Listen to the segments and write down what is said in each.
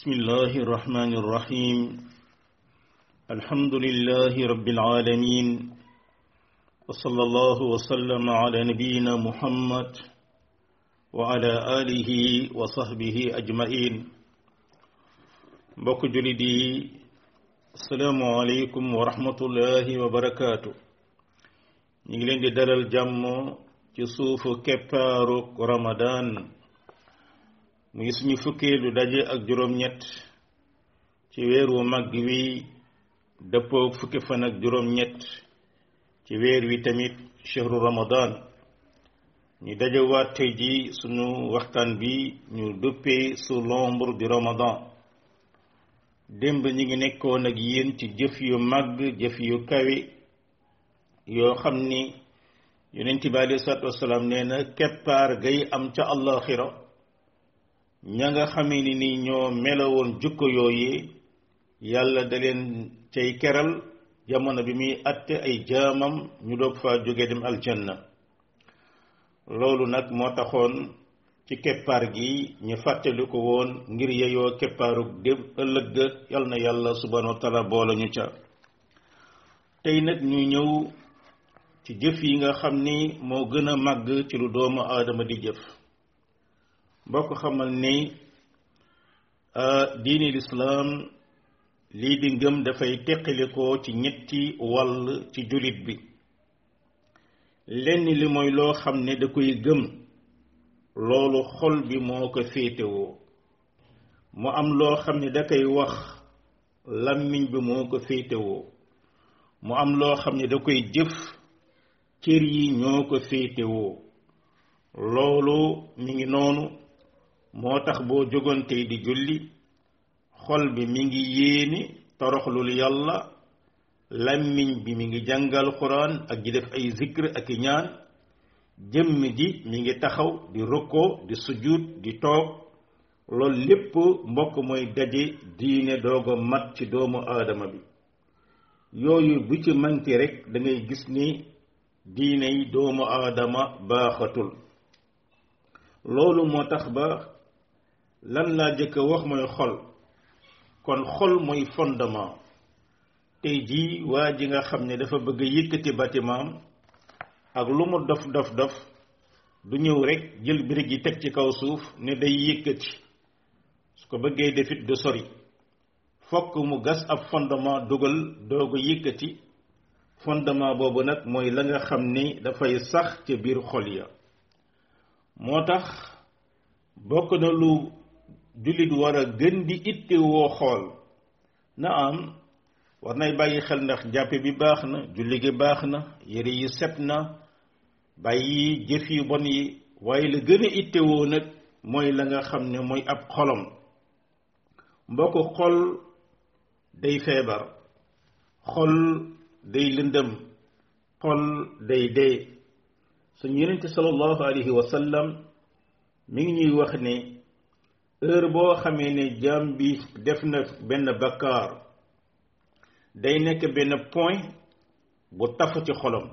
بسم الله الرحمن الرحيم الحمد لله رب العالمين وصلى الله وسلم على نبينا محمد وعلى آله وصحبه أجمعين بك جلدي السلام عليكم ورحمة الله وبركاته نجلين دلال جمع جسوف كبارك رمضان muy suñu fukkeelu daje ak juróom-ñett ci weeru mag wi dëppoo fukki fan ak juróom-ñett ci weer wi tamit chehru ramadan ñuy dajewaat tey ji suñu waxtaan bi ñu duppee sous l'ombre du ramadan démb ñi ngi nekkoon ak yéen ci jëf yu màgg jëf yu kawe yoo xam ni yonent bi alei salaatu wasalaam nee na keppaar gay am ca àllaaxira ña nga xamee ni ni ñoo melowoon jukko yooyu yàlla da leen cay keral jamono bi muy àtte ay jaamam ñu doog faa jóge dem aljanna loolu nag moo taxoon ci keppaar gi ñu fàttali ko woon ngir yeyoo keppaarug dem ëllëg yal na yàlla subhanahu wa taala ca tey nag ñu ñëw ci jëf yi nga xam ni moo gën a màgg ci lu doomu aadama di jëf mbokk xamal ni diini lislaam lii di ngëm dafay teqalikoo ci ñetti wàll ci jullit bi lenn li mooy loo xam ne da koy gëm loolu xol bi moo ko féetewoo mu am loo xam ne da koy wax làmmiñ bi moo ko mu am loo xam ne da koy jëf cër yi ñoo ko féetewoo loolu mi ngi noonu moo tax boo jógontey di julli xol bi mi ngi yéeni toroxlul yàlla lammiñ bi mi ngi jàngal quran ak di def ay zikre ak ñaan jëmm ji mi ngi taxaw di rokkoo di sujjuut di toog lool lépp mbokk mooy daje diine doogo mat ci doomu aadama bi yooyu bu ci manqué rek da ngay gis ni diine yi doomu aadama baaxatul loolu moo tax ba lan laa jëkk wax mooy xol kon xol mooy fondement tey jii waa ji nga xam ne dafa bëgg a yëkkati bâtiment ak lu mu dof dof dof du ñëw rek jël birig yi teg ci kaw suuf ne day yëkkati su ko bëggee defit du sori fokk mu gas ab fondement dugal doogu yëkkati fondement boobu nag mooy la nga xam ni dafay sax ca biir xol ya moo tax bokk na lu jullit war a gën di itte woo xool na am war nay bàyyi xel ndax jàppe bi baax na julli gi baax na yére yi set na bàyyi jëf yu bon yi waaye la gën a itte woo nag mooy la nga xam ne mooy ab xolam mbokk xol day feebar xol day lëndëm xol day dee suñu yenente sallallahu alayhi wa sallam mu ngi ñuy wax ne heure boo xamee ne jaam bi def na benn bakkaar day nekk benn point bu taf ci xolam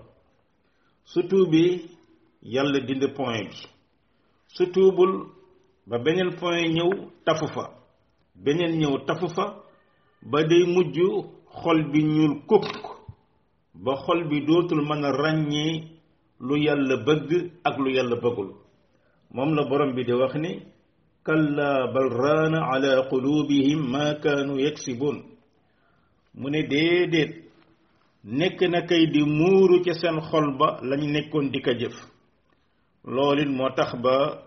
su tuubee yàlla dindi point bi su tuubul ba beneen point ñëw tafu fa beneen ñëw tafu fa ba day mujj xol bi ñuul kukk ba xol bi dootul mën a ràññee lu yàlla bëgg ak lu yàlla bëggul moom la borom bi di wax ni كلا بل ران على قلوبهم ما كانوا يكسبون من ديدت نكنا كي دي مورو تي سن خلبا لاني نيكون ديكا جيف لولين موتاخ با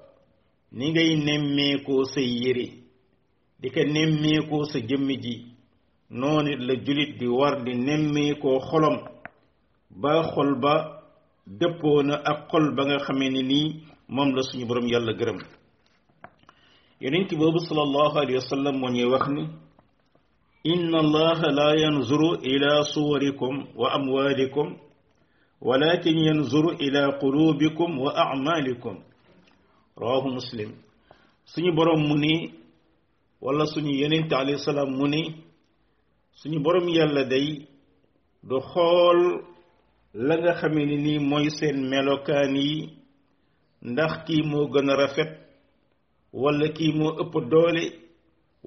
ني غاي نيميكو سييري ديكا نيميكو سا جيمي جي نوني لا جوليت دي وار دي نيميكو خولم با خلبا ديبونا اك خول باغا خاميني ني موم لا سوني بروم يالا گرم يرنتي باب صلى الله عليه وسلم من يوخني إن الله لا ينظر إلى صوركم وأموالكم ولكن ينظر إلى قلوبكم وأعمالكم رواه مسلم سني بروم مني ولا سني يرنتي عليه السلام مني سني بروم يالا دي دخول لغا خميني موي سين ملوكاني ndax ki mo walla kii moo ëpp doole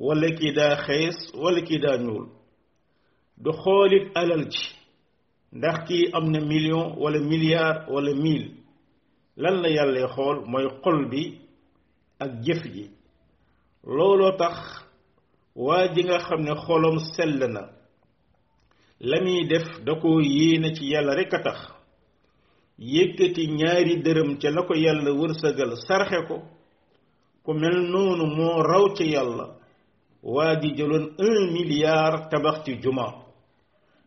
walla kii daa xees walla kii daa ñuul du xoolit alal ci ndax kii am na million walla milliard wala miil lan la yàlla xool mooy xol bi ak jëf ji looloo tax waa ji nga xam ne xolom sell na la muy def da ko yéene ci yàlla rekk a tax yëkkati ñaari dërëm ca la ko yàlla wërsëgal saraxe ko ku mel noonu moo raw ci yàlla waa ji jëloon un milliard tabax ci juma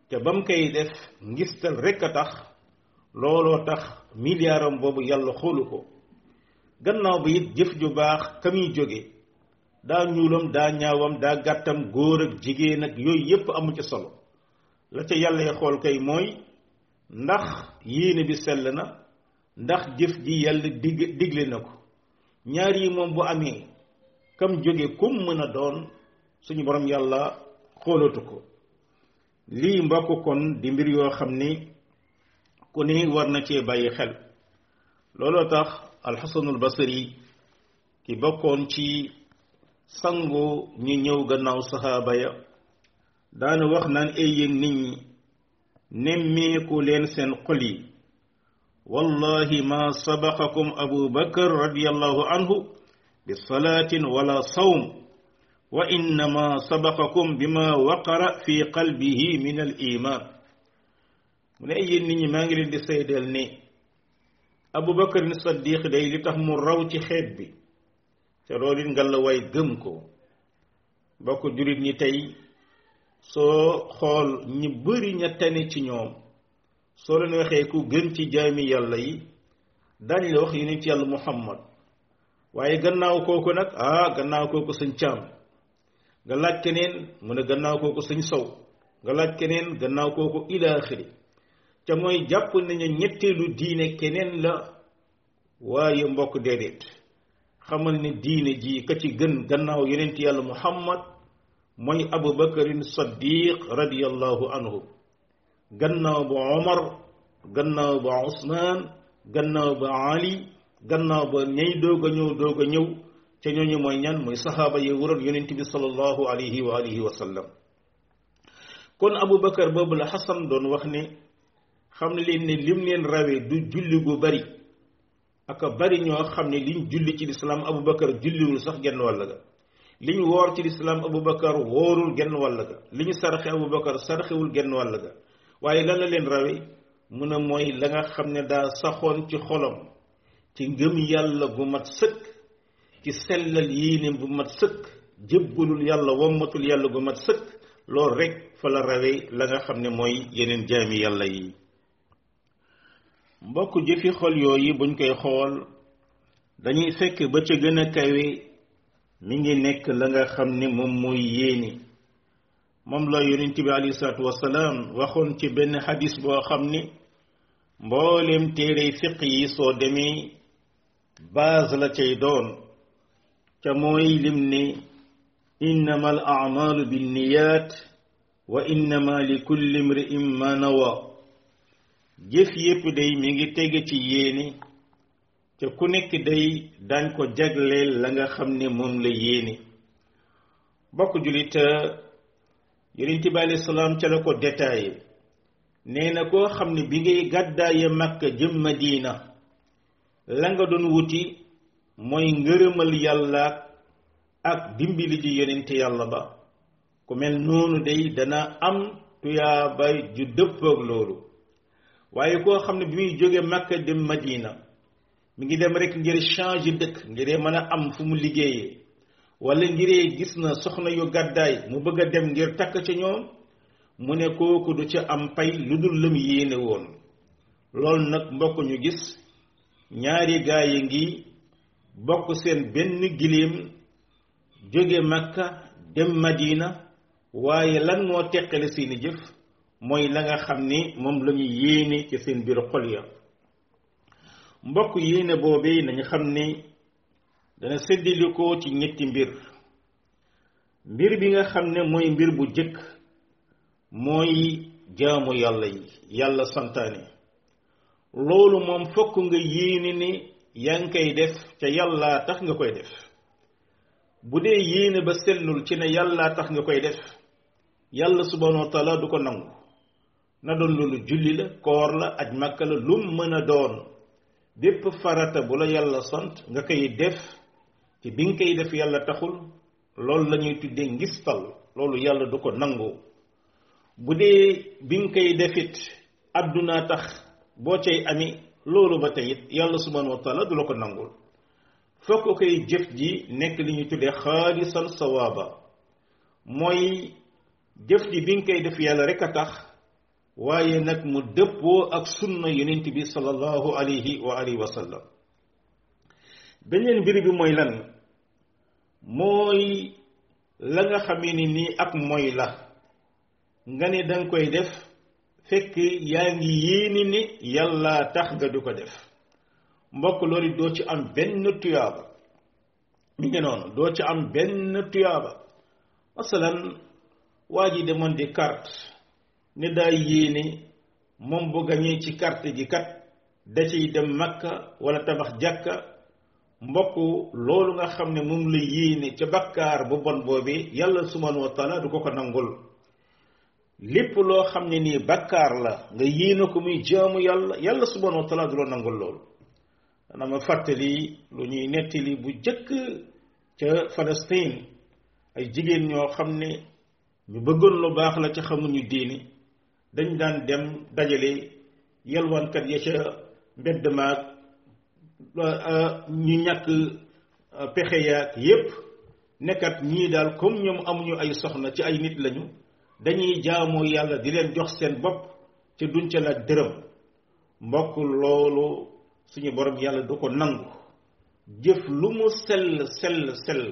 te bam koy def ngistal rekk a tax looloo tax milliardam boobu yàlla xoolu ko gannaaw bi it jëf ju baax ka muy jóge daa ñuulam daa ñaawam daa gàttam góor ak jigéen ak yooyu yépp amu ci solo la ci yàlla xool kay mooy ndax yéene bi sell na ndax jëf ji yàlla dig digle na ko ñaari moom bu amee kam jóge kum mën a doon suñu borom yàlla xóolatu ko lii mbokk kon di mbir yoo xam ni ku ne war na cee bàyyi xel looloo tax alxasanul basari ki bokkoon ci sango ñu ñëw gannaaw saxaaba ya daana wax naan ay yéen nit ñi nemmeeku leen seen xol yi والله ما سبقكم أبو بكر رضي الله عنه بصلاة ولا صوم وإنما سبقكم بما وقر في قلبه من الإيمان من أي نيني مانجل دي أبو بكر الصديق دي لتهم الرو تخيب ترولين قال له واي دمكو باكو جريد نتاي سو خول نبري نتاني تنيوم soo leen waxee ku gën ci jaami yàlla yi daañu la wax yonent yàlla muhammad waaye gannaaw kooku nag ah gannaaw kooku sëñ caam nga laaj keneen mun ne gannaaw kooku sëñ sow nga laaj keneen gannaaw kooku ilaaxiri te mooy jàpp nañu ñetteelu diine keneen la waaye mbokk déedéet xamal ne diine ji ka ci gën gannaaw yonent yàlla muhammad mooy abubakarin saddiq radiyallahu anhu gannaaw ba omar gannaaw ba ousmaan gannaaw ba ali gannaaw ba ñay doog a ñëw doog a ñëw ca ñooñu mooy ñan mooy sahaaba yi wuroon yonent bi salallahu alayhi wa alihi wa sallam kon abubakar boobu la xasan doon wax ne xam leen ne lim leen rawe du julli gu bari ak bari ñoo xam ne liñ julli ci lislaam abubakar julliwul sax genn wàll ga liñ woor ci lislaam abubakar wóorul genn wàll ga liñ sarxe abubakar sarxewul genn wàll ga waaye lan la leen rawe mun a mooy la nga xam ne daal saxoon ci xolom ci ngëm yàlla gu mat sëkk ci sellal yéeneem bu mat sëkk jëbbalul yàlla wommatul yàlla gu mat sëkk lool rekk fa la rawe la nga xam ne mooy yeneen jaami yàlla yi mbokk jëfi xol yooyu buñ koy xool dañuy fekk ba ca gën a kawe ngi nekk la nga xam ne moom mooy yéene moom la yonent bi alayhi salaatu wasalaam waxoon ci benn xadis boo xam ni mbooleem téere fiq yi soo demee base la cay doon ca mooy lim ni innama al amalu binniyat wa innama li kulli imri'in ma nawa jëf yépp day mi ngi tege ci yéene ca ku nekk day dañ ko jagleel la nga xam ni moom la yéene bokk jullit yonent bi alayhi salaam ca la ko détaillé nee na koo xam ne bi ngay gàddaay gàddaaye Makka jëm Madina la nga doon wuti mooy ngërëmal yàlla ak dimbali ji yonent yàlla ba ku mel noonu day dana am tuyaabay ju dëppoog loolu waaye koo xam ne bi muy jóge Makka dem Madina mu ngi dem rek ngir changer dëkk ngir mën a am fu mu liggéeyee walla ngiree gis na soxna yu gàddaay mu bëgg dem ngir takk ci ñoom mu ne kooku du ca am pay lu dul lëm yéene woon lool nag mbokk ñu gis ñaari gaay yi ngi bokk seen benn giléem jóge Makka dem Madina waaye lan moo teqale seeni jëf mooy la nga xam ni moom lañu ñu yéene ci seen biir xol ya mbokk yéene boobee nañu xam ni dana séddilikoo ci ñetti mbir mbir bi nga xam ne mooy mbir bu jëkk mooy jaamu yàlla yi yàlla santaane loolu moom fokk nga yéene ne yaa ngi koy def ca yàlla tax nga koy def bu dee yéene ba sellul ci ne yàlla tax nga koy def yàlla subhanahu wa du ko nangu na doon loolu julli la koor la aj màkka la lum mën a doon bépp farata bu la yàlla sant nga koy def ci bi nga koy def yàlla taxul loolu lañuy tuddee tuddee ngistal loolu yàlla du ko nangoo bu dee bi nga koy defit àdduna tax boo cay ami loolu ba tey yàlla subhanahu wa du la ko nangul fokk koy jëf ji nekk li ñuy tuddee xaalisan sawaaba mooy jëf ji bi nga koy def yàlla rek a tax waaye nag mu dëppoo ak sunna yonent bi sallallahu alayhi wa alihi wa beneen mbir bi mooy lan mooy la nga xamee ni nii ak moy la nga ne danga koy def fekk yaa ngi yéene ni yàlla tax nga du ko def mbokk loolu doo ci am benn tuyaaba mi ngi noonu doo ci am benn tuyaaba masalan waa ji demoon di carte ne daa yéene moom bu gañee ci carte gi kat da ciy dem makka wala tabax jàkka mbokk loolu nga xam ne moom la yéene ca bakkaar bu bon boobi yàlla subhanahu wa du ko ko nangul lépp loo xam ne nii bakkaar la nga yéene ko muy jaamu yàlla yàlla subhanahu wa taala du la nangul loolu dana fàttali lu ñuy nettali bu jëkk ca Palestine ay jigéen ñoo xam ne ñu bëggoon lu baax la ca xamuñu diini dañu daan dem dajale yalwaankat ya ca mbedd maag Euh, ñu ñàkk euh, pexe yaak yépp nekkat ñii daal comme ñoom amuñu ay soxna ci ay nit lañu dañuy jaamoo yàlla di leen jox seen bopp ci duñ ca laaj dërëm mbokk loolu suñu borom yàlla du ko nangu jëf lu mu sell sell sell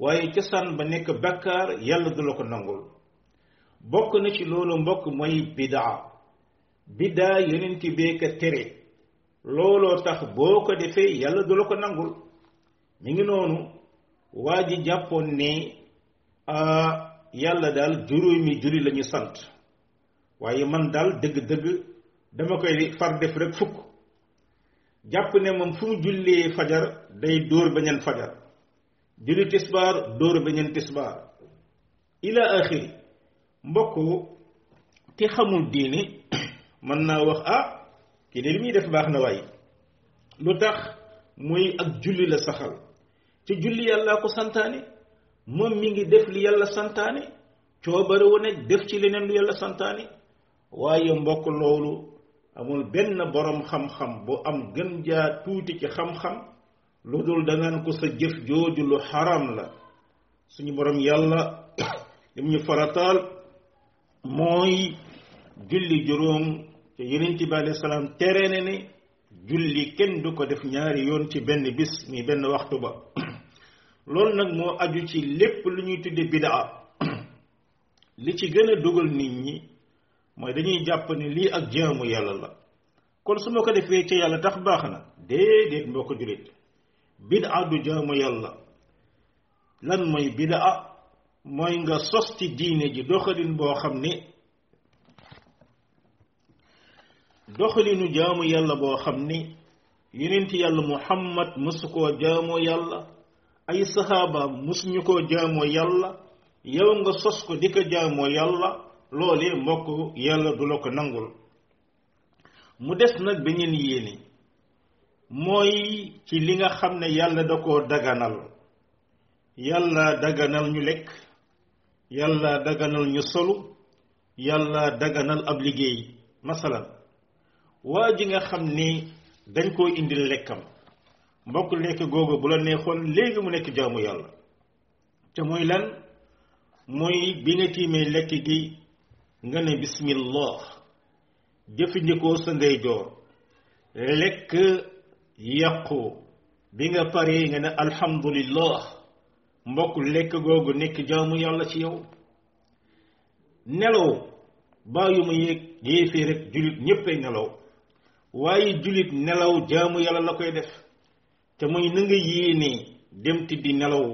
waaye cosaan ba nekk bàkkaar yàlla du la ko nangul bokk na ci loolu mbokk mooy bidaa bidaa yonent bee tere looloo tax boo ko defee yàlla du la ko nangul mu ngi noonu waa ji jàppoon ne yàlla daal juróomi julli la sant waaye man daal dëgg-dëgg dama koy far def rek fukk jàpp ne moom fu mu jullee fajar day dóor beneen fajar julli tisbaar dóor beneen tisbaar ila axiri mbokk ki xamul diini mën naa wax ah kii de li muy def baax na waay lu tax muy ak julli la saxal ci julli yàlla ko santaane moom mi ngi def li yàlla santaane coobare wu ne def ci leneen lu yàlla santaane waaye mbokk loolu amul benn borom xam-xam bu am gën jaa tuuti ci xam-xam lu dul danaan ko sa jëf jooju lu xaram la suñu borom yàlla lim ñu farataal mooy julli juróom te yenen ti balay salam terene ne julli ken du ko def ñaari yoon ci benn bis mi benn waxtu ba loolu nag moo aju ci lépp lu ñuy tudde bidaa li ci gën a dugal nit ñi mooy dañuy jàpp ne lii ak jaamu yàlla la kon su ma ko defee ca yàlla tax baax na déedéet mboo ko julit bidaa du jaamu yàlla lan mooy bidaa mooy nga sosti diine ji doxalin boo xam ne doxalinu jaamu yàlla boo xam ni yonent yàlla muhammad mësu koo jaamoo yàlla ay saxaabaam mësuñu koo jaamoo yàlla yow nga sos ko di ko jaamoo yàlla loolee mbokk yàlla du la ko nangul mu des nag beneen yéene mooy ci li nga xam ne yàlla da koo daganal yàlla daganal ñu lekk yàlla daganal ñu solu yàlla dagganal ab liggéey masalan waa ji nga xam ni dañ koo indil lekkam mbokk lekk googu bu la neexoon léegi mu nekk jaamu yàlla te muy lan mooy bi nga tiimee lekk gi nga ne bismillah jëfandikoo sa ndeyjoor lekk yàqu bi nga paree nga ne alhamdulillah mbokk lekk googu nekk jaamu yàlla ci yow nelaw bàyyi ma yéeg yéefee rek jullit ñéppay nelaw waaye jullit nelaw jaamu yàlla la koy def te mooy na nga yéene dem tëddi nelaw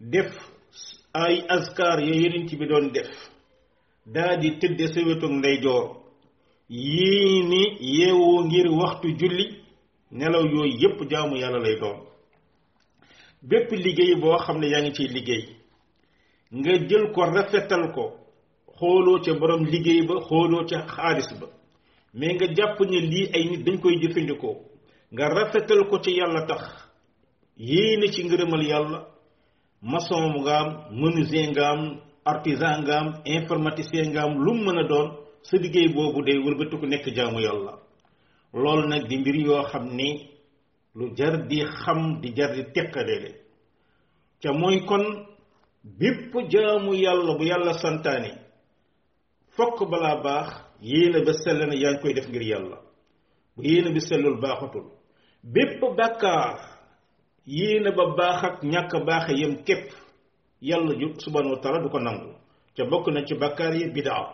def ay askar ya yonent bi doon def daa di tëdde sa wetoog ndeyjoor yéene yeewoo ngir waxtu julli nelaw yooyu yépp jaamu yàlla lay doon bépp liggéey boo xam ne yaa ngi ciy liggéey nga jël ko rafetal ko xooloo ca boroom liggéey ba xooloo ca xaalis ba mais nga jàpp ne lii ay nit dañ koy jëfandikoo nga rafetal ko ci yàlla tax yéene ci ngërëmal yàlla maçon ngaam menuisier ngaam artisan ngaam informaticien ngaam lu mën a doon sa liggéey boobu day wëlbatiku nekk jaamu nag di mbir yoo xam ne lu jar di xam di jar di teqaleele ca mooy kon bépp jaamu yàlla bu yàlla santaane fokk balaa baax yéene ba sell na yaa ngi koy def ngir yàlla bu yéene bi sellul baaxatul bépp bàkkaar yéene ba baax ak ñàkk baaxe yem képp yàlla ju subhanahu wa taala du ko nangu ca bokk na ci bàkkaar yi bidaa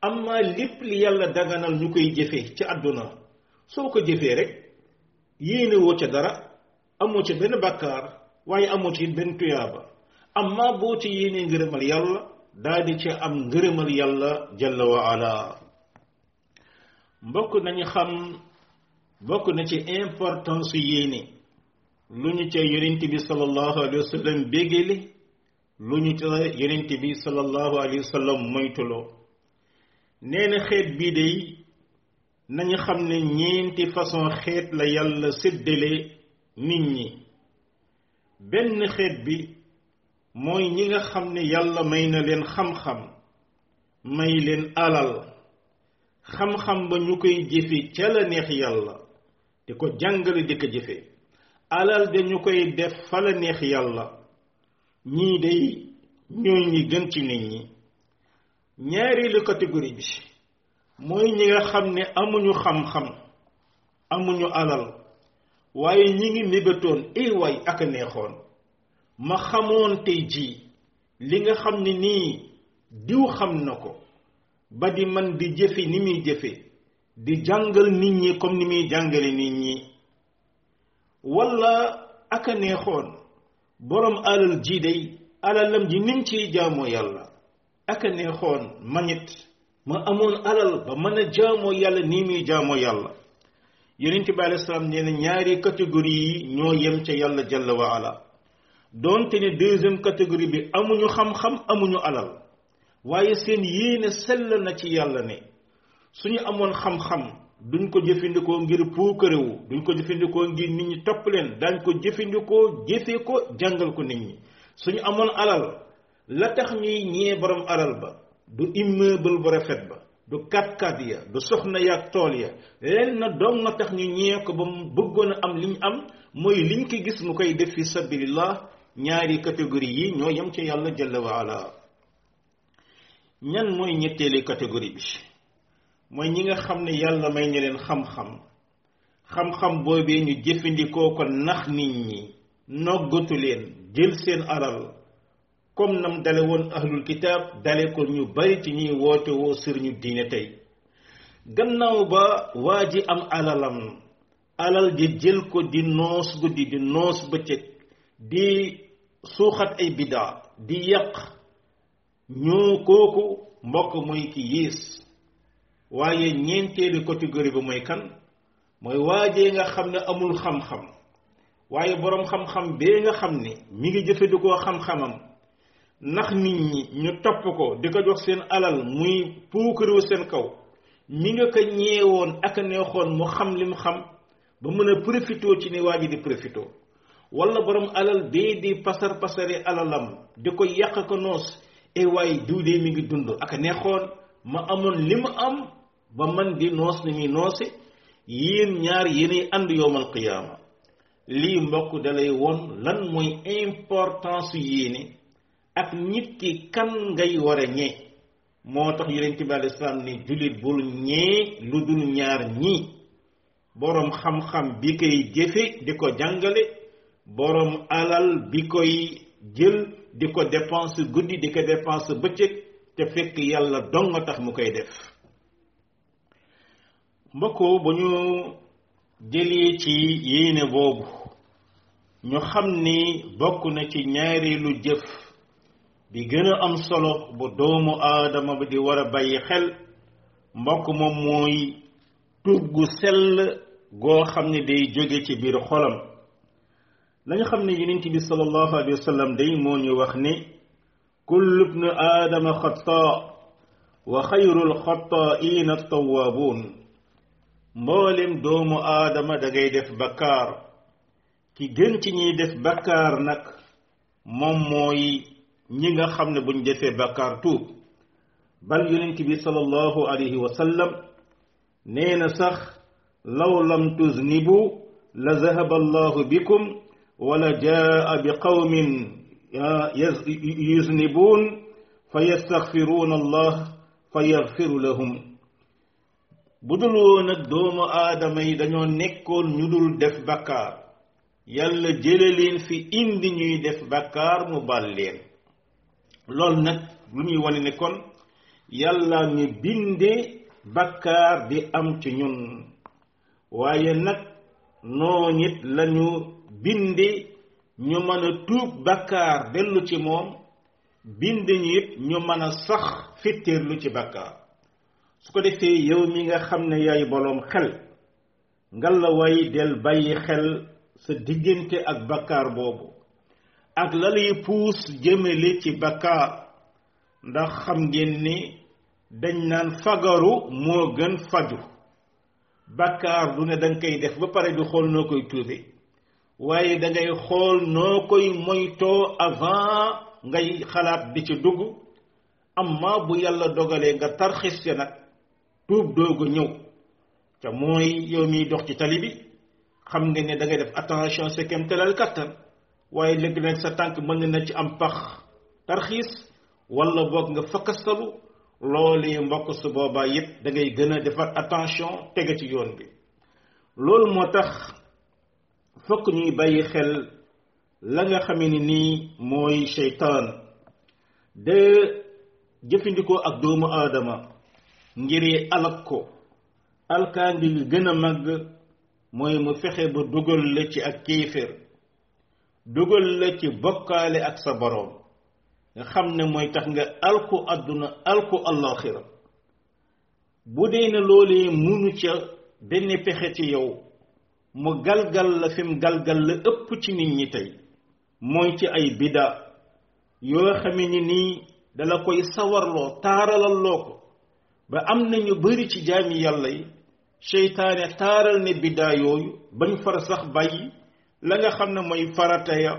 amma lépp li yàlla daganal ñu koy jëfe ci àdduna soo ko jëfee rek yéene woo ca dara amoo ca benn bàkkaar waaye amoo ci benn tuyaaba amma boo ci yéene ngërëmal yàlla daa di ca am ngërëmal yàlla jalla wa ala mbokk nañu xam bokk na ci importance yéene lu ñu ca yonent bi sallallahu alayhi wa sallam béggéle lu ñu ca yonent bi sallallahu alayhi wa sallam moytuloo nee xeet bii day nañu xam ne ñeenti façon xeet la yàlla séddale nit ñi benn xeet bi mooy ñi nga xam ne yàlla may na leen xam-xam may leen alal xam-xam ba ñu koy jëfe ca la neex yàlla te ko jàngale di ko jëfe alal dañu koy def fa la neex yàlla ñii day ñooy ñi gën ci nit ñi ñaareelu catégorie bi mooy ñi xam ne amuñu xam-xam amuñu alal waaye ñi ngi mébétoon ay waay ak a neexoon ma xamoon tey jii li nga xam ne nii diw xam na ko ba di man di jëfe ni muy jëfe di jàngal nit ñi comme ni muy jàngale nit ñi wala aka neexoon borom alal ji day alalam ji nim ciy jaamoo yàlla aka neexoon manit ma amoon alal ba mën a jaamoo yàlla ni muy jaamoo yàlla yonent bi alayhi salaam nee ñaari catégorie yi ñoo yem ca yàlla jalla wa ala donte ne deuxième catégorie bi amuñu xam-xam amuñu alal waaye seen yéene sell na ci yàlla ne suñu amoon xam-xam duñ ko jëfandikoo ngir puukarewu duñ ko jëfandikoo ngir nit ñi topp leen daañ ko jëfandikoo jëfe ko jàngal ko nit ñi suñu amoon alal la tax ñuy ñee borom alal ba du immeuble bu rafet ba du kat-kat ya du soxna yaag tool ya leen na doom nga tax ñu ñee ko ba mu bëggoon a am li ñu am mooy liñ ko gis mu koy def fi sabilillah ñaari catégorie yi ñoo yem ci yàlla jalla waala ñan mooy ñetteeli catégorie bi mooy ñi nga xam ne yàlla may ñu leen xam-xam xam-xam boobee ñu jëfandikoo ko nax nit ñi noggatu leen jël seen alal comme nam dale woon ahlul kitaab dale ko ñu bari ci ñuy woote woo sëriñu diine tey gannaaw ba waa ji am alalam alal ji jël ko di noos guddi di noos bëccëg di suuxat ay biddaa di yàq ñoo kooku mbokk mooy kii yées waaye ñeenteelu catégorie bi mooy kan mooy waajee nga xam ne amul xam-xam waaye boroom xam-xam bee nga xam ni mi ngi jëfandikoo xam-xamam ndax nit ñi ñu topp ko di ko jox seen alal muy puukarewu seen kaw mi nga ko ñeewoon ak neexoon mu xam lim xam ba mën a profitoo ci ne waa ji di profitoo wala boroom alal bee di pasar pasare alalam di ko yàq ko noos e waay diw mi ngi dund ak neexoon ma amoon li mu am ba man di noos ni muy noose yéen ñaar yéenay ànd yowmal qiyaama lii mbokk dalay woon lan mooy importance yéene ak nit ki kan ngay war a ñee moo tax yonent bi aleyhi salaam jullit bul ñee lu dul ñaar ñii boroom xam-xam bi koy jëfe di ko jàngale boroom alal bi koy jël di ko dépense guddi di ko dépense bëccëg te fekk yàlla dong tax mu koy def mbokkoo ba ñu jëlee ci yéene boobu ñu xam ni bokk na ci ñaareelu jëf bi gën a am solo bu doomu aadama bi di war a bàyyi xel mbokk moom mooy tuub gu sell goo xam ne day jóge ci biir xolam lañu xam ne yonent bi sallallahu alayhi wa sallam day moo ñu wax ne kullu ibnu aadama xataa wa xayrul xataa'iina attawaabuun mboolem doomu aadama da ngay def bakkaar ki gën ci ñiy def bakkaar nag moom mooy ñi nga xam ne buñ defee bakkaar tuub bal yonent bi sallallahu alayhi wa sallam nee na sax law lam tuznibu la zahaba allahu bikum ولجاء بقوم يذنبون فيستغفرون الله فيغفر لهم بدلون الدوم آدم يدنو نكون ندل دف بكار يل جللين في اندني دف بكار مبالين لول نك لني ولي نكون يلا نبندي بكار دي أمتنون وينك نونيت لنو bindi ñu mën a tuub bakkaar dellu ci moom bind ñi ñu mën a sax fitteerlu ci bakkaar su ko defee yow mi nga xam ne yaay boroom xel ngal la way del bàyyi xel sa diggante ak bakkaar boobu ak la lay puus jëmale ci bakkaar ndax xam ngeen ni dañ naan fagaru moo gën faju bakkaar du ne danga koy def ba pare du xool noo koy tuube waaye dangay xool noo koy moytoo avant ngay xalaat bi ci dugg amma bu yàlla dogalee nga tarxiis ya nag tuub doogu ñëw te mooy yow mi dox ci tali bi xam nga ne dangay def attention sa kéemtalaal kattan waaye léegi nag sa tànk mën na ci am pax tarxiis wala boog nga fakkastalu loolee mbokk su boobaa yépp da ngay gën a defar attention tege ci yoon bi loolu moo tax fokk ñuy bàyyi xel la nga xamee ni nii mooy cheytaan de jëfandikoo ak doomu aadama ngir alak ko alkaandi li gën a màgg mooy mu fexe ba dugal la ci ak kéefér dugal la ci bokkaale ak sa boroom nga xam ne mooy tax nga alku àdduna alku allaxira bu dee ne loolee munu ca benn pexe ci yow mu galgal la fim mu galgal la ëpp ci nit ñi tey mooy ci ay bida yoo xame ni nii dala koy sawarloo taaralal loo ko ba am na ñu bari ci jaami yàlla yi seytaane taaral ne biddaa yooyu bañ far sax bàyyi la nga xam ne mooy farata ya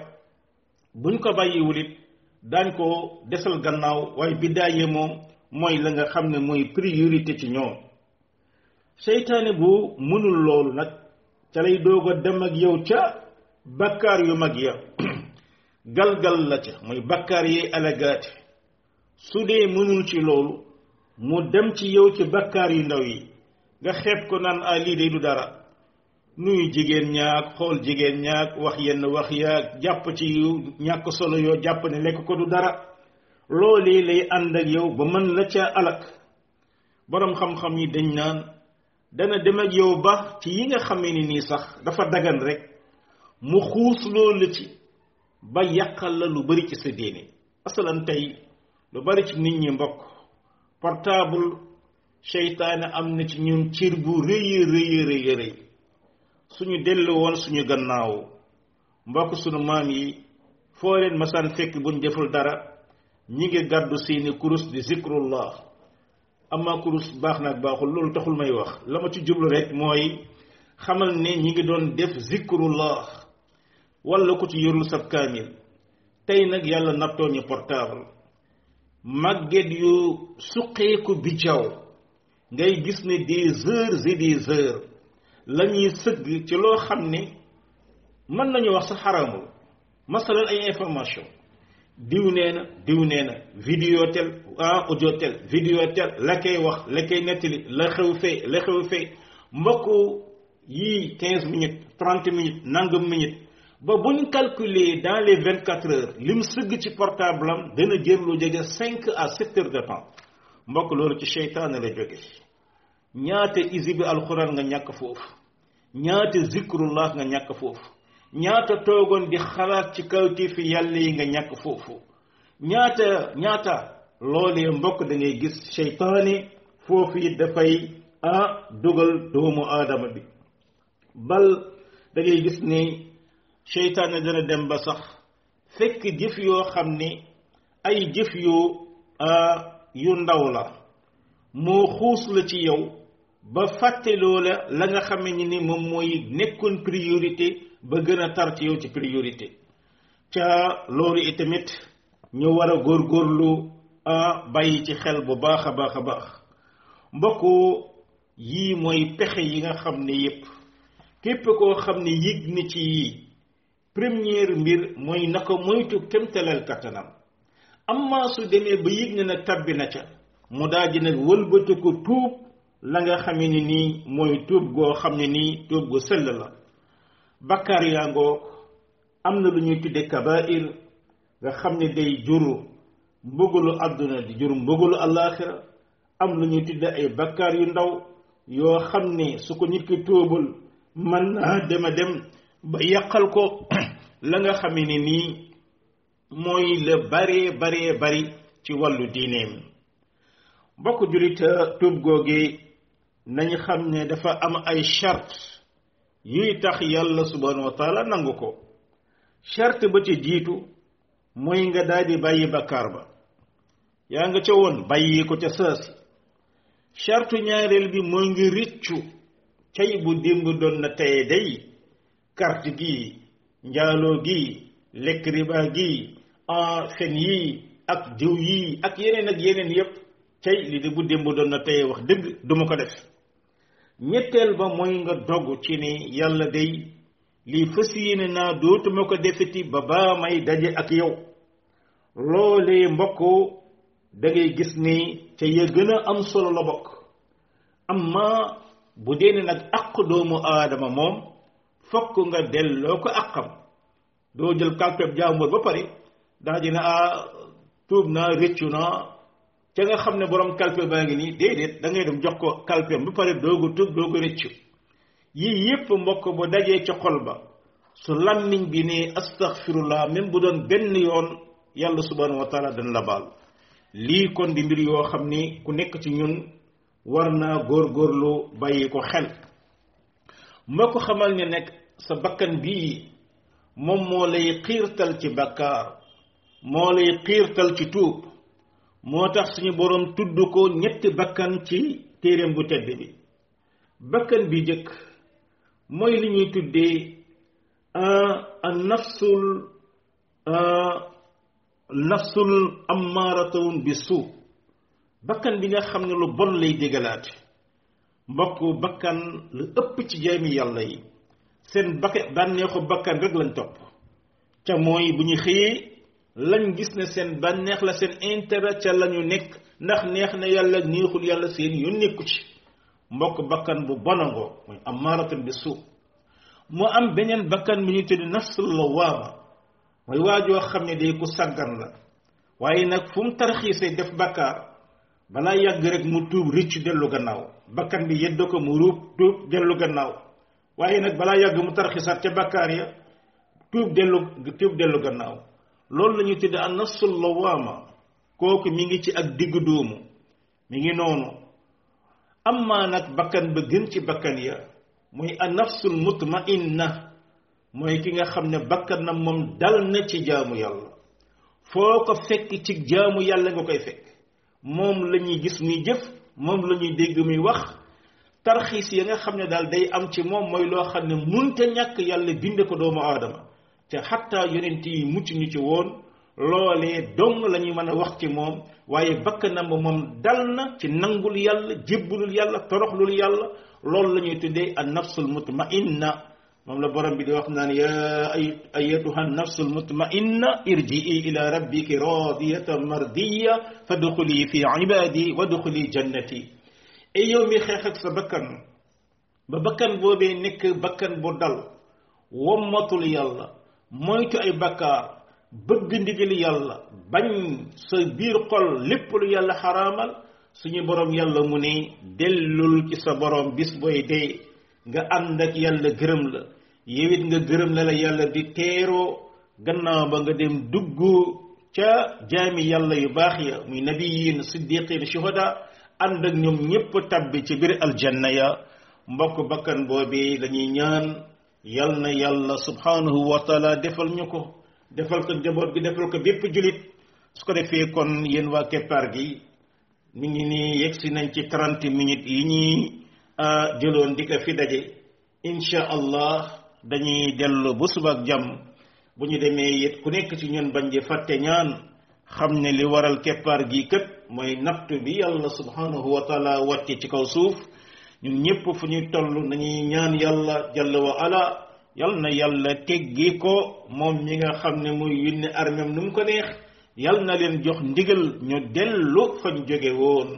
buñ ko bàyyiwul it daañ ko desal gannaaw waaye biddaa ye moom mooy la nga xam ne mooy priorité ci ñoom seytaane bu mënul loolu nag ca lay doog a dem ak yow ca bakkaar yu mag ya galgal la ca mooy bakkaar yi alagaati su dee mënul ci loolu mu dem ci yow ci bakkaar yu ndaw yi nga xeeb ko naan ah lii de du dara nuyu jigéen ñaak xool jigéen ñaak wax yenn wax yaak jàpp ci yu ñàkk solo yoo jàpp ne lekk ko du dara loolu lay ànd ak yow ba mën la ca alak boroom xam-xam yi dañ naan dana dem ak yow ba ci yi nga xamee ni nii sax dafa dagan rek mu xuus loolu ci ba yàqal la lu bari ci sa diine asalan tey lu bari ci nit ñi mbokk portable seytaane am na ci ñun cir bu rëy rëy rëy rëy suñu dellu woon suñu gannaaw mbokk suñu maam yi foo leen masaan fekk buñ deful dara ñi ngi gàddu seeni kurus di zikrullah amma kurus baax na ak baaxul loolu taxul may wax la ma ci jublu rek mooy xamal ne ñi ngi doon def zikrullah wala ku ci yorul sab kaamil tey nag yàlla nattoo ñu portable màgget yu suqeeku bi jaw ngay gis ne des heures et des heures la ñuy sëgg ci loo xam ne mën nañu wax sa xaramul masalan ay information diw nee na diw nee na vidéo tel ah audio tel vidéo tel la koy wax la koy nettali la xew fee la xew fee mbokk yii quinze minutes trente minutes nangam minutes ba ñu calculer dans les vingt quatre heures lim sëgg ci portable am dana jël lu jege cinq à sept heures de temps mbokk loolu ci seytaane la jóge ñaata isibi alxuraan nga ñàkk foofu ñaata zikrullah nga ñàkk foofu ñaata toogoon di xalaat ci kawtifi yàlla yi nga ñàkk foofu ñaata ñaata loolee mbokk da ngay gis seytaane foofu it dafay ah dugal doomu aadama bi bal da ngay gis ne seytaane dana dem ba sax fekk jëf yoo xam ne ay jëf yu yu ndaw la moo xuus la ci yow ba fàtte loola la nga xam ne ni moom mooy nekkoon priorité ba gën a tar ci yow ci priorité ca loolu itamit ñu war a góor a bàyyi ci xel bu baax a baax a baax mbokku yii mooy pexe yi nga xam ni yépp képp koo xam ni yëg na ci yii première mbir mooy na ko moytu kemtalal kattanam amma su demee ba yëg na nag tabbi na ca mu daal di nag wëlbatiku tuub la nga xam ni nii mooy tuub goo xam ne nii tuub gu sell la bakkaar yaa ngoo am na lu ñuy tudde kabair nga xam ne day jur mbugalu àdduna di jur mbugalu alaaxira am lu ñuy tudde ay bakkaar yu ndaw yoo xam ne su ko nit ki tóobul mën naa dem dem ba yàqal ko la nga xam ne nii mooy la bare bare bari ci wàllu diineem mbokk jullit tuub googee nañu xam ne dafa am ay charte yuy tax yàlla subhanahu wa nangu ko charte ba ci jiitu mooy nga daldi bàyyi bakkaar ba yaa nga ca woon bàyyi ko ca saasi charte ñaareel bi mooy nga rëccu cay bu démb doon na tey day carte gi njaaloo gi lekk riba gi xen yi ak diw yi ak yeneen ak yeneen yépp cay li de bu démb doon na tey wax dëgg duma ko def ñetteel ba mooy nga dogg ci ne yàlla day lii fas yéene naa dootuma ko defati ba baa may daje ak yow loolee mbokk da ngay gis ne ca ya gën a am solo la bokk amma bu dee ne nag aq doomu aadama moom fokk nga delloo ko aqam doo jël kalpeb jaamur ba pare daa di ne ah tuub naa rëccu naa ca nga xam ne borom calpel baa ngi nii déedéet da ngay dem jox ko calpem ba pare doogu tub doogu rëccu yii yépp mbokk bu dajee ca xol ba su lammiñ bi ne astaghfirullah même bu doon benn yoon yàlla subhanahu wa taala dan la baal lii kon di mbir yoo xam ni ku nekk ci ñun war naa góorgóorlu bàyyi ko xel moo ko xamal ne nekk sa bakkan bii moom moo lay xiirtal ci bakkaar moo lay xiirtal ci tuub moo tax suñu boroom tudd ko ñetti bakkan ci téereem bu tedd bi bakkan bi jëkk mooy li ñuy tuddee euh, an nafsul euh, nafsul ammaratun bi suu bakkan bi nga xam ne lu bon lay déggalaate mbokk bakkan lu ëpp ci jaami yàlla yi seen bakk bànneexu bakkan rek lañ topp ca mooy bu ñu xëyee lañ gis ne seen bànneex la seen intérêt ca la nekk ndax neex na yàlla neexul yàlla seen yu nekku ci mbokk bakkan bu bonangoo mooy amaaratul bi suuf mu am beneen bakkan bi ñu tudd nafsul lawaama mooy waajoo xam ne day ku sàggan la waaye nag fu mu tarxiisee def bakkaar balaa yàgg rek mu tuub ricc dellu gannaaw bakkan bi yedd ko mu ruub tuub dellu gannaaw waaye nag balaa yàgg mu tarxiisaat ca bakkaar ya tuub dellu tuub dellu gannaaw lol lañu tudd an nafsul lawama kooku mi ngi ci ak diggu doomu mi ngi noonu amma nag bakkan ba gën ci bakkan ya muy an nafsul mutmainna mooy ki nga xam ne bakkan na moom dal na ci jaamu yàlla foo ko fekk ci jaamu yàlla nga koy fekk moom la gis muy jëf mom la dégg muy wax tarxiis ya nga xam ne daal day am ci moom mooy loo xam munta ñàkk yàlla bind ko doomu aadama te hatta yonent yi mucc ñu ci woon loolee dong la ñuy mën a wax ci moom waaye bakkanam moom dal na ci nangul yàlla jébbalul yàlla toroxlul yàlla loolu la ñuy tuddee an nafsul mutmainna moom la borom bi di wax naan ya ayatuha nafsul mutmainna irji'i ila rabbiki radiyatan mardiya fadkhuli fi ibadi wadkhuli jannati e yow mi xeex ak sa bakkan ba bakkan boobee nekk bakkan bu dal wommatul yàlla moytu ay bakkaar bëgg ndigali yàlla bañ sa biir xol lépp lu yàlla xaraamal suñu borom yàlla mu ne dellul ci sa borom bis booy dee nga ànd ak yàlla gërëm la yewit nga gërëm la la yàlla di teeroo gannaaw ba nga dem dugg ca jaami yàlla yu baax ya muy nabiyiin siddiqiin shuhada ànd ak ñoom ñépp tabbi ci biir aljanna ya mbokk bakkan boobee lañuy ñaan yal na subhanahu wa taala defal ñu defal ko njaboot gi defal ko bépp julit su ko defee kon yéen waa keppaar gi mi ngi nii yegsi nañ ci 30 minutes yi ñuy ah, jëloon di ko fi daje insha allah dañuy dellu bu subaak jam. bu ñu demee yit ku nekk ci ñun bañ di ñaan xam li waral gi bi yàlla subhanahu wa taala wàcce ci kaw suuf ñun ñëpp fu ñuy toll nañuy ñaan yàlla jàll wa ala yal na yàlla teggi ko moom mi nga xam ne muy yunni armem nu mu ko neex yal na leen jox ndigal ñu dellu fañ jóge woon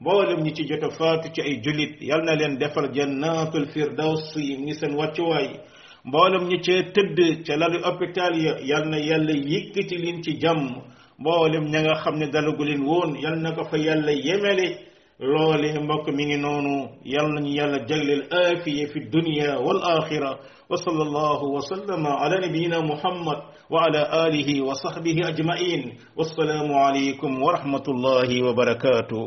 mboolem ñi ci jota faatu ci ay julit yal na leen defal jannatul firdaws yi muy seen wàccuwaay mboolem ñi cee tëdd ca lalu hôpital ya yal na yàlla yëkkati leen ci jàmm mboolem ña nga xam ne dalagu leen woon yal na ko fa yàlla yemele loolee mbokk mi ngi noonu yal nañu yàlla jagleel aafiya fi dunia wal axira wa sallallahu wa sallama ala nabiyina muhammad wa ala alihi wa sahbihi ajmain wassalaamu alaykum wa rahmatullahi wa barakatuh